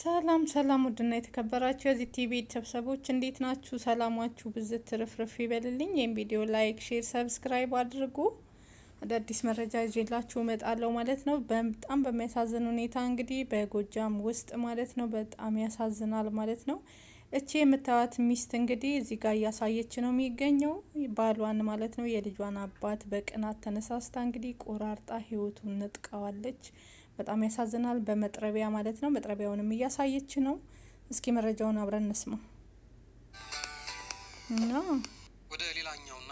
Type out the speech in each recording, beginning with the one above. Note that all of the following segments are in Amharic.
ሰላም ሰላም፣ ውድና የተከበራችሁ የዚህ ቲቪ ቤተሰቦች እንዴት ናችሁ? ሰላማችሁ ብዝት ትርፍርፍ ይበልልኝ። ይህም ቪዲዮ ላይክ፣ ሼር፣ ሰብስክራይብ አድርጉ። አዳዲስ መረጃ ይዤላችሁ እመጣለሁ ማለት ነው። በጣም በሚያሳዝን ሁኔታ እንግዲህ በጎጃም ውስጥ ማለት ነው በጣም ያሳዝናል ማለት ነው። እቺ የምታዩት ሚስት እንግዲህ እዚህ ጋር እያሳየች ነው የሚገኘው ባሏን ማለት ነው የልጇን አባት በቅናት ተነሳስታ እንግዲህ ቆራርጣ ህይወቱን ነጥቀዋለች። በጣም ያሳዝናል። በመጥረቢያ ማለት ነው። መጥረቢያውንም እያሳየች ነው። እስኪ መረጃውን አብረን እንስማ እና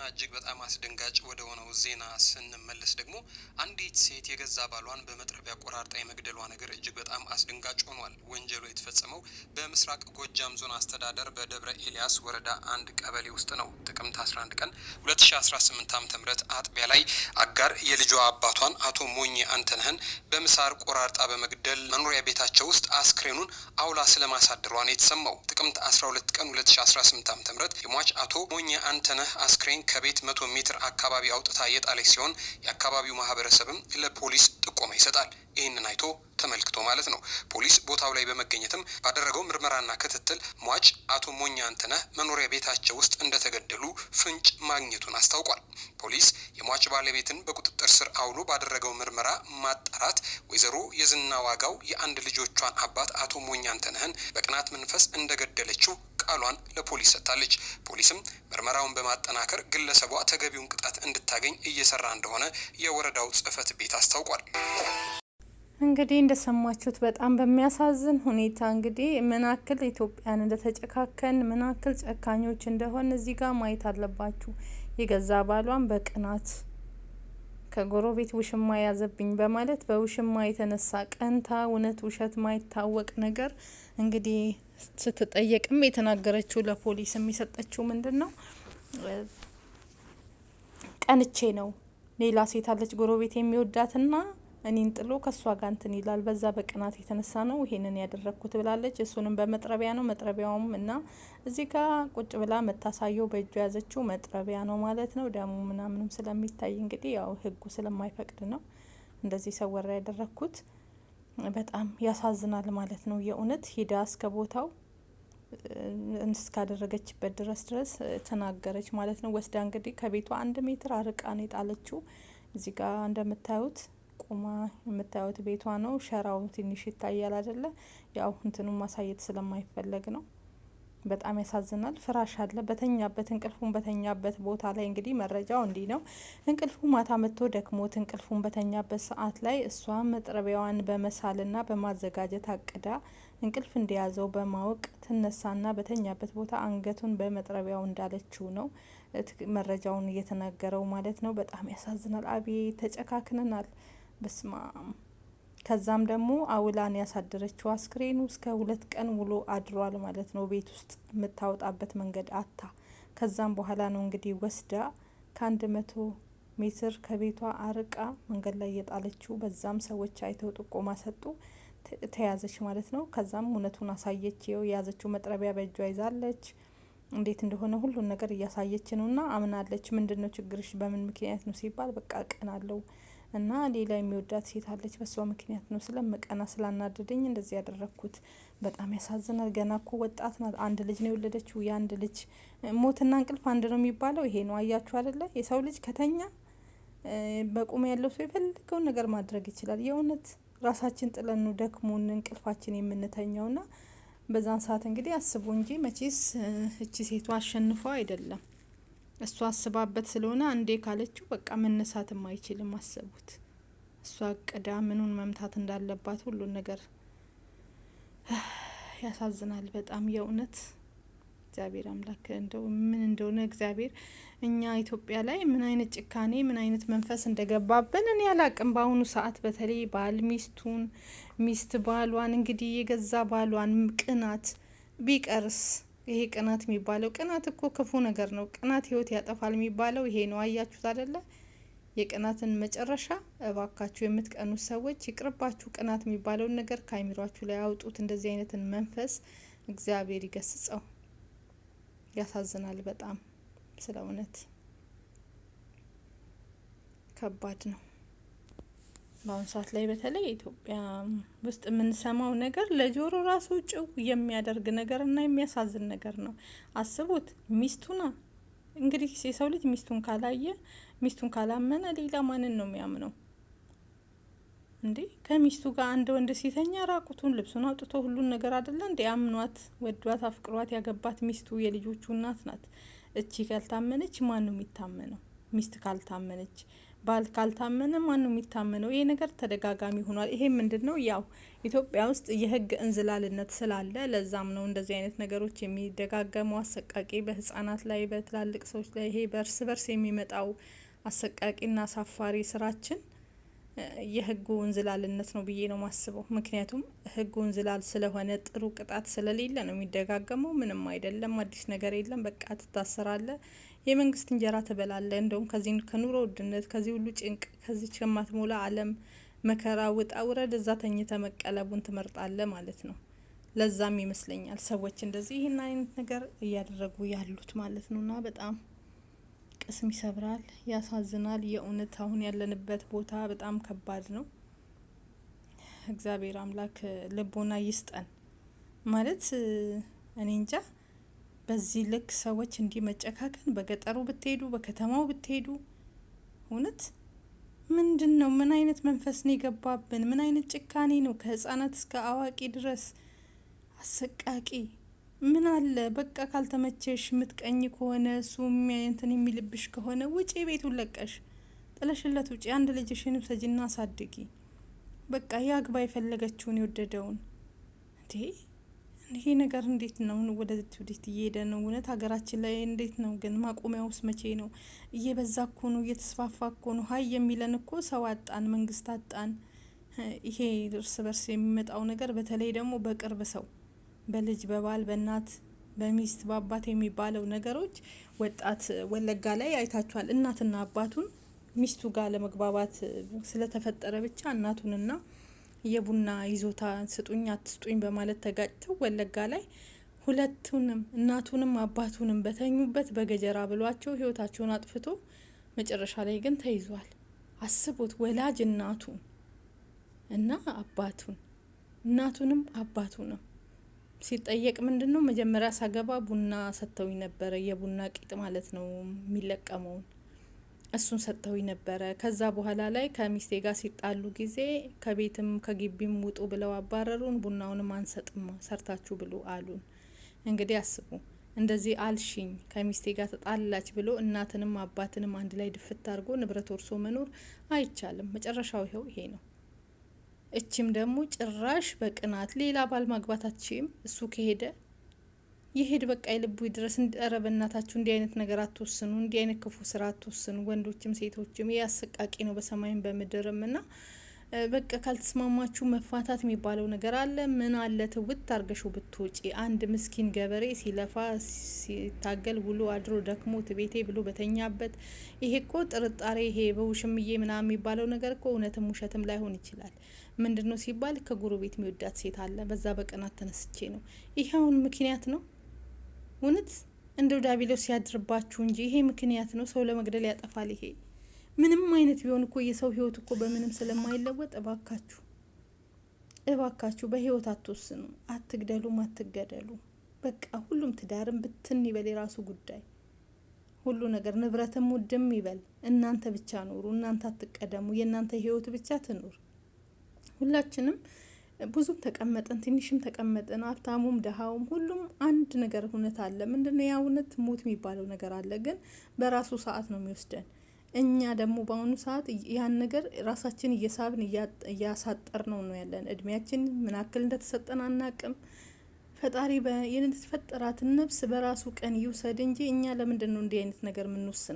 እጅግ በጣም አስደንጋጭ ወደ ሆነው ዜና ስንመለስ ደግሞ አንዲት ሴት የገዛ ባሏን በመጥረቢያ ቆራርጣ የመግደሏ ነገር እጅግ በጣም አስደንጋጭ ሆኗል። ወንጀሉ የተፈጸመው በምስራቅ ጎጃም ዞን አስተዳደር በደብረ ኤልያስ ወረዳ አንድ ቀበሌ ውስጥ ነው። ጥቅምት 11 ቀን 2018 ዓ.ም አጥቢያ ላይ አጋር የልጇ አባቷን አቶ ሞኝ አንተነህን በምሳር ቆራርጣ በመግደል መኖሪያ ቤታቸው ውስጥ አስክሬኑን አውላ ስለማሳደሯ ነው የተሰማው። ጥቅምት 12 ቀን 2018 ም የሟች አቶ ሞኝ አንተነህ አስክሬን ከቤት መቶ ሜትር አካባቢ አውጥታ የጣለች ሲሆን የአካባቢው ማህበረሰብም ለፖሊስ ጥቆማ ይሰጣል። ይህንን አይቶ ተመልክቶ ማለት ነው። ፖሊስ ቦታው ላይ በመገኘትም ባደረገው ምርመራና ክትትል ሟች አቶ ሞኛ አንተነህ መኖሪያ ቤታቸው ውስጥ እንደተገደሉ ፍንጭ ማግኘቱን አስታውቋል። ፖሊስ የሟች ባለቤትን በቁጥጥር ስር አውሎ ባደረገው ምርመራ ማጣራት ወይዘሮ የዝና ዋጋው የአንድ ልጆቿን አባት አቶ ሞኛ አንተነህን በቅናት መንፈስ እንደገደለችው ቃሏን ለፖሊስ ሰጥታለች። ፖሊስም ምርመራውን በማጠናከር ግለሰቧ ተገቢውን ቅጣት እንድታገኝ እየሰራ እንደሆነ የወረዳው ጽህፈት ቤት አስታውቋል። እንግዲህ እንደሰማችሁት በጣም በሚያሳዝን ሁኔታ እንግዲህ ምናክል ኢትዮጵያን እንደተጨካከን ምናክል ጨካኞች እንደሆን እዚህ ጋር ማየት አለባችሁ። የገዛ ባሏን በቅናት ከጎረቤት ውሽማ ያዘብኝ በማለት በውሽማ የተነሳ ቀንታ እውነት ውሸት ማይታወቅ ነገር እንግዲህ ስትጠየቅም የተናገረችው ለፖሊስ የሚሰጠችው ምንድን ነው? ቀንቼ ነው ሌላ ሴት አለች ጎረቤት የሚወዳትና እኔን ጥሎ ከእሷ ጋር እንትን ይላል። በዛ በቅናት የተነሳ ነው ይሄንን ያደረግኩት ብላለች። እሱንም በመጥረቢያ ነው መጥረቢያውም እና እዚህ ጋር ቁጭ ብላ መታሳየው በእጁ የያዘችው መጥረቢያ ነው ማለት ነው። ደሞ ምናምንም ስለሚታይ እንግዲህ ያው ህጉ ስለማይፈቅድ ነው እንደዚህ ሰወራ ያደረግኩት። በጣም ያሳዝናል ማለት ነው። የእውነት ሂዳ እስከ ቦታው እስካደረገችበት ድረስ ድረስ ተናገረች ማለት ነው። ወስዳ እንግዲህ ከቤቷ አንድ ሜትር አርቃን የጣለችው እዚህ ጋር እንደምታዩት ቁማ የምታዩት ቤቷ ነው። ሸራው ትንሽ ይታያል አይደለ? ያው እንትኑ ማሳየት ስለማይፈለግ ነው። በጣም ያሳዝናል። ፍራሽ አለ በተኛበት እንቅልፉን በተኛበት ቦታ ላይ እንግዲህ መረጃው እንዲህ ነው። እንቅልፉ ማታ መጥቶ ደክሞት እንቅልፉን በተኛበት ሰዓት ላይ እሷ መጥረቢያዋን በመሳልና በማዘጋጀት አቅዳ እንቅልፍ እንደያዘው በማወቅ ትነሳና በተኛበት ቦታ አንገቱን በመጥረቢያው እንዳለችው ነው መረጃውን እየተናገረው ማለት ነው። በጣም ያሳዝናል። አቤት ተጨካክነናል። በስማ ከዛም ደግሞ አውላን ያሳደረችው አስክሬኑ እስከ ሁለት ቀን ውሎ አድሯል ማለት ነው። ቤት ውስጥ የምታወጣበት መንገድ አታ። ከዛም በኋላ ነው እንግዲህ ወስዳ ከአንድ መቶ ሜትር ከቤቷ አርቃ መንገድ ላይ የጣለችው። በዛም ሰዎች አይተው ጥቆማ ሰጡ። ተያዘች ማለት ነው። ከዛም እውነቱን አሳየች። ው የያዘችው መጥረቢያ በእጇ ይዛለች። እንዴት እንደሆነ ሁሉን ነገር እያሳየች ነው ና አምናለች። ምንድን ነው ችግርሽ? በምን ምክንያት ነው ሲባል በቃ ቀን አለው እና ሌላ የሚወዳት ሴት አለች። በሷ ምክንያት ነው ስለምቀና ስላናደደኝ እንደዚህ ያደረግኩት። በጣም ያሳዝናል። ገና እኮ ወጣት ናት። አንድ ልጅ ነው የወለደችው። የአንድ ልጅ ሞትና እንቅልፍ አንድ ነው የሚባለው ይሄ ነው። አያችሁ አደለ? የሰው ልጅ ከተኛ በቁመ ያለው ሰው የፈለገውን ነገር ማድረግ ይችላል። የእውነት ራሳችን ጥለን ደክሞን እንቅልፋችን የምንተኛውና በዛን ሰዓት እንግዲህ አስቡ እንጂ መቼስ እቺ ሴቷ አሸንፎ አይደለም እሷ አስባበት ስለሆነ አንዴ ካለችው በቃ መነሳትም አይችልም። አሰቡት። እሷ አቅዳ ምኑን መምታት እንዳለባት ሁሉን ነገር ያሳዝናል። በጣም የእውነት እግዚአብሔር አምላክ እንደው ምን እንደሆነ እግዚአብሔር እኛ ኢትዮጵያ ላይ ምን አይነት ጭካኔ ምን አይነት መንፈስ እንደገባብን እኔ አላቅም። በአሁኑ ሰዓት በተለይ ባል ሚስቱን፣ ሚስት ባሏን እንግዲህ የገዛ ባሏን ቅናት ቢቀርስ ይሄ ቅናት የሚባለው ቅናት እኮ ክፉ ነገር ነው። ቅናት ህይወት ያጠፋል የሚባለው ይሄ ነው። አያችሁት አደለ የቅናትን መጨረሻ። እባካችሁ የምትቀኑት ሰዎች ይቅርባችሁ። ቅናት የሚባለውን ነገር ከአይምሯችሁ ላይ ያውጡት። እንደዚህ አይነትን መንፈስ እግዚአብሔር ይገስጸው። ያሳዝናል በጣም ስለ እውነት ከባድ ነው። በአሁኑ ሰዓት ላይ በተለይ ኢትዮጵያ ውስጥ የምንሰማው ነገር ለጆሮ ራሱ ጭው የሚያደርግ ነገር እና የሚያሳዝን ነገር ነው። አስቡት ሚስቱና እንግዲህ የሰው ልጅ ሚስቱን ካላየ ሚስቱን ካላመነ ሌላ ማንን ነው የሚያምነው? እንዴ ከሚስቱ ጋር አንድ ወንድ ሲተኛ ራቁቱን ልብሱን አውጥቶ ሁሉን ነገር አይደለ እንዴ አምኗት ወዷት አፍቅሯት ያገባት ሚስቱ የልጆቹ እናት ናት። እቺ ካልታመነች ማን ነው የሚታመነው? ሚስት ካልታመነች ባል ካልታመነ ማን ነው የሚታመነው? ይሄ ነገር ተደጋጋሚ ሆኗል። ይሄ ምንድን ነው? ያው ኢትዮጵያ ውስጥ የህግ እንዝላልነት ስላለ ለዛም ነው እንደዚህ አይነት ነገሮች የሚደጋገሙ አሰቃቂ፣ በህጻናት ላይ በትላልቅ ሰዎች ላይ ይሄ በእርስ በርስ የሚመጣው አሰቃቂና አሳፋሪ ስራችን የህጉ እንዝላልነት ነው ብዬ ነው ማስበው። ምክንያቱም ህጉ እንዝላል ስለሆነ ጥሩ ቅጣት ስለሌለ ነው የሚደጋገመው። ምንም አይደለም፣ አዲስ ነገር የለም። በቃ ትታሰራለ የመንግስት እንጀራ ትበላለ እንደውም ከዚህ ከኑሮ ውድነት ከዚህ ሁሉ ጭንቅ ከዚህ ከማትሞላ አለም መከራ ውጣ ውረድ እዛ ተኝተ መቀለቡን ትመርጣለ ማለት ነው። ለዛም ይመስለኛል ሰዎች እንደዚህ ይህን አይነት ነገር እያደረጉ ያሉት ማለት ነው። እና በጣም ቅስም ይሰብራል፣ ያሳዝናል። የእውነት አሁን ያለንበት ቦታ በጣም ከባድ ነው። እግዚአብሔር አምላክ ልቦና ይስጠን ማለት እኔ እንጃ። በዚህ ልክ ሰዎች እንዲህ መጨካከን፣ በገጠሩ ብትሄዱ በከተማው ብትሄዱ እውነት ምንድን ነው? ምን አይነት መንፈስ ነው የገባብን? ምን አይነት ጭካኔ ነው? ከህጻናት እስከ አዋቂ ድረስ አሰቃቂ። ምን አለ በቃ ካልተመቸሽ ምትቀኝ ከሆነ እሱ እንትን የሚልብሽ ከሆነ ውጪ፣ ቤቱን ለቀሽ ጥለሽለት ውጪ። አንድ ልጅሽንም ሰጂና አሳድጊ። በቃ ያግባ የፈለገችውን የወደደውን እንዴ ይሄ ነገር እንዴት ነው ወደ ትውልት እየሄደ ነው? እውነት ሀገራችን ላይ እንዴት ነው ግን ማቆሚያ ውስጥ መቼ ነው? እየበዛ እኮ ነው፣ እየተስፋፋ እኮ ነው። ሀይ የሚለን እኮ ሰው አጣን፣ መንግስት አጣን። ይሄ እርስ በርስ የሚመጣው ነገር በተለይ ደግሞ በቅርብ ሰው በልጅ በባል በእናት በሚስት በአባት የሚባለው ነገሮች ወጣት ወለጋ ላይ አይታችኋል። እናትና አባቱን ሚስቱ ጋር ለመግባባት ስለተፈጠረ ብቻ እናቱንና የቡና ይዞታ ስጡኝ አትስጡኝ በማለት ተጋጭተው ወለጋ ላይ ሁለቱንም እናቱንም አባቱንም በተኙበት በገጀራ ብሏቸው ህይወታቸውን አጥፍቶ መጨረሻ ላይ ግን ተይዟል። አስቡት፣ ወላጅ እናቱ እና አባቱን እናቱንም አባቱንም ሲጠየቅ ምንድን ነው መጀመሪያ ሳገባ ቡና ሰጥተውኝ ነበረ፣ የቡና ቂጥ ማለት ነው የሚለቀመውን እሱን ሰጥተው ነበረ። ከዛ በኋላ ላይ ከሚስቴ ጋር ሲጣሉ ጊዜ ከቤትም ከግቢም ውጡ ብለው አባረሩን። ቡናውንም አንሰጥም ሰርታችሁ ብሎ አሉን። እንግዲህ አስቡ፣ እንደዚህ አልሽኝ ከሚስቴ ጋር ተጣላች ብሎ እናትንም አባትንም አንድ ላይ ድፍት አድርጎ ንብረት ወርሶ መኖር አይቻልም። መጨረሻው ይኸው ይሄ ነው። እችም ደግሞ ጭራሽ በቅናት ሌላ ባል ማግባታችም እሱ ከሄደ ይሄድ በቃ የልቡ ድረስ። ኧረ በእናታችሁ እንዲህ አይነት ነገር አትወስኑ፣ እንዲህ አይነት ክፉ ስራ አትወስኑ። ወንዶችም ሴቶችም ይህ አሰቃቂ ነው በሰማይም በምድርም ና በቃ ካልተስማማችሁ መፋታት የሚባለው ነገር አለ። ምን አለ ትውት አርገሽው ብትወጪ። አንድ ምስኪን ገበሬ ሲለፋ ሲታገል ውሎ አድሮ ደክሞ ትቤቴ ብሎ በተኛበት ይሄ እኮ ጥርጣሬ፣ ይሄ በውሽምዬ ምናምን የሚባለው ነገር እኮ እውነትም ውሸትም ላይሆን ይችላል። ምንድን ነው ሲባል ከጎረቤት የሚወዳት ሴት አለ። በዛ በቀናት ተነስቼ ነው። ይሄ አሁን ምክንያት ነው። እውነት እንደው ዳቢሎስ ያድርባችሁ እንጂ ይሄ ምክንያት ነው ሰው ለመግደል ያጠፋል። ይሄ ምንም አይነት ቢሆን እኮ የሰው ህይወት እኮ በምንም ስለማይለወጥ እባካችሁ እባካችሁ በህይወት አትወስኑ፣ አትግደሉም፣ አትገደሉ። በቃ ሁሉም ትዳርም ብትን ይበል፣ የራሱ ጉዳይ ሁሉ ነገር ንብረትም ውድም ይበል። እናንተ ብቻ ኑሩ፣ እናንተ አትቀደሙ፣ የእናንተ ህይወት ብቻ ትኑር። ሁላችንም ብዙም ተቀመጠን ትንሽም ተቀመጠን ሀብታሙም ደሃውም ሁሉም አንድ ነገር እውነት አለ። ምንድነው ያ እውነት? ሞት የሚባለው ነገር አለ፣ ግን በራሱ ሰዓት ነው የሚወስደን። እኛ ደግሞ በአሁኑ ሰዓት ያን ነገር ራሳችን እየሳብን እያሳጠር ነው ነው ያለን። እድሜያችን ምን እንደተሰጠን አናቅም። ፈጣሪ የተፈጠራትን ነፍስ በራሱ ቀን ይውሰድ እንጂ እኛ ለምንድን ነው እንዲህ አይነት ነገር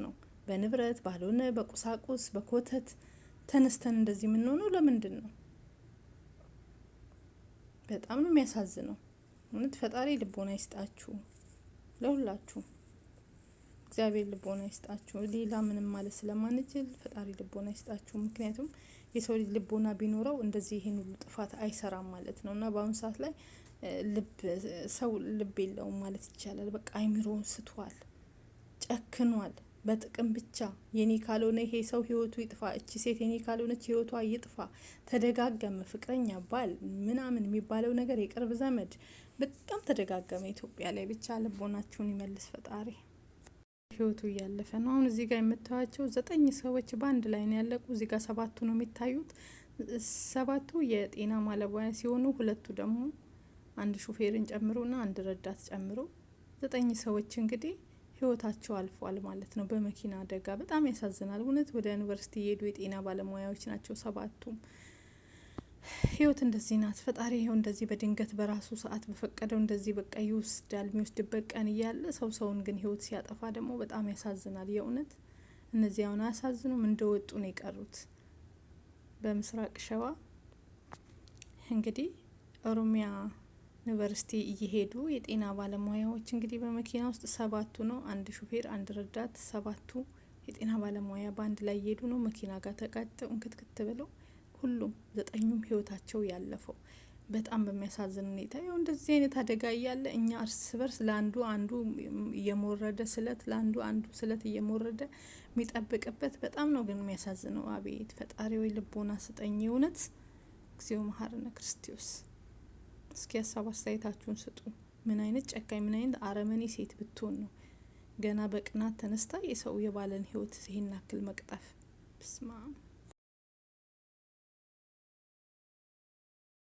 ነው? በንብረት ባልሆነ በቁሳቁስ በኮተት ተነስተን እንደዚህ የምንሆነው ለምንድን ነው? በጣም ነው የሚያሳዝነው። እውነት ፈጣሪ ልቦና ይስጣችሁ ለሁላችሁ። እግዚአብሔር ልቦና ይስጣችሁ። ሌላ ምንም ማለት ስለማንችል ፈጣሪ ልቦና ይስጣችሁ። ምክንያቱም የሰው ልጅ ልቦና ቢኖረው እንደዚህ ይሄን ሁሉ ጥፋት አይሰራም ማለት ነው እና በአሁኑ ሰዓት ላይ ልብ ሰው ልብ የለውም ማለት ይቻላል። በቃ አይምሮውን ስቷል፣ ጨክኗል። በጥቅም ብቻ የኔ ካልሆነ ይሄ ሰው ህይወቱ ይጥፋ፣ እቺ ሴት የኔ ካልሆነች ህይወቷ ይጥፋ፣ ተደጋገመ፣ ፍቅረኛ፣ ባል ምናምን የሚባለው ነገር የቅርብ ዘመድ በጣም ተደጋገመ ኢትዮጵያ ላይ። ብቻ ልቦናችሁን ይመልስ ፈጣሪ። ህይወቱ እያለፈ ነው። አሁን እዚህ ጋር የምታዩቸው ዘጠኝ ሰዎች በአንድ ላይ ነው ያለቁ። እዚህ ጋር ሰባቱ ነው የሚታዩት። ሰባቱ የጤና ማለባያ ሲሆኑ ሁለቱ ደግሞ አንድ ሹፌርን ጨምሮና አንድ ረዳት ጨምሮ ዘጠኝ ሰዎች እንግዲህ ህይወታቸው አልፏል ማለት ነው በመኪና አደጋ። በጣም ያሳዝናል እውነት። ወደ ዩኒቨርሲቲ የሄዱ የጤና ባለሙያዎች ናቸው ሰባቱም። ህይወት እንደዚህ ናት። ፈጣሪ ይኸው እንደዚህ በድንገት በራሱ ሰዓት በፈቀደው እንደዚህ በቃ ይወስዳል። የሚወስድበት ቀን እያለ ሰው ሰውን ግን ህይወት ሲያጠፋ ደግሞ በጣም ያሳዝናል የእውነት። እነዚህ አሁን አያሳዝኑም? እንደወጡ ነው የቀሩት በምስራቅ ሸዋ እንግዲህ ኦሮሚያ ዩኒቨርሲቲ እየሄዱ የጤና ባለሙያዎች እንግዲህ በመኪና ውስጥ ሰባቱ ነው። አንድ ሹፌር፣ አንድ ረዳት፣ ሰባቱ የጤና ባለሙያ በአንድ ላይ እየሄዱ ነው። መኪና ጋር ተቃጠው እንክትክት ብለው ሁሉም ዘጠኙም ህይወታቸው ያለፈው በጣም በሚያሳዝን ሁኔታ ያው እንደዚህ አይነት አደጋ እያለ እኛ እርስ በርስ ለአንዱ አንዱ እየሞረደ ስለት ለአንዱ አንዱ ስለት እየሞረደ የሚጠብቅበት በጣም ነው ግን የሚያሳዝነው። አቤት ፈጣሪ ወይ ልቦና ስጠኝ። እውነት እግዚኦ መሐረነ ክርስቶስ እስኪ ሀሳብ አስተያየታችሁን ስጡ። ምን አይነት ጨካኝ ምን አይነት አረመኔ ሴት ብትሆን ነው ገና በቅናት ተነስታ የሰው የባለን ህይወት ይህን ያክል መቅጠፍ? ብስማም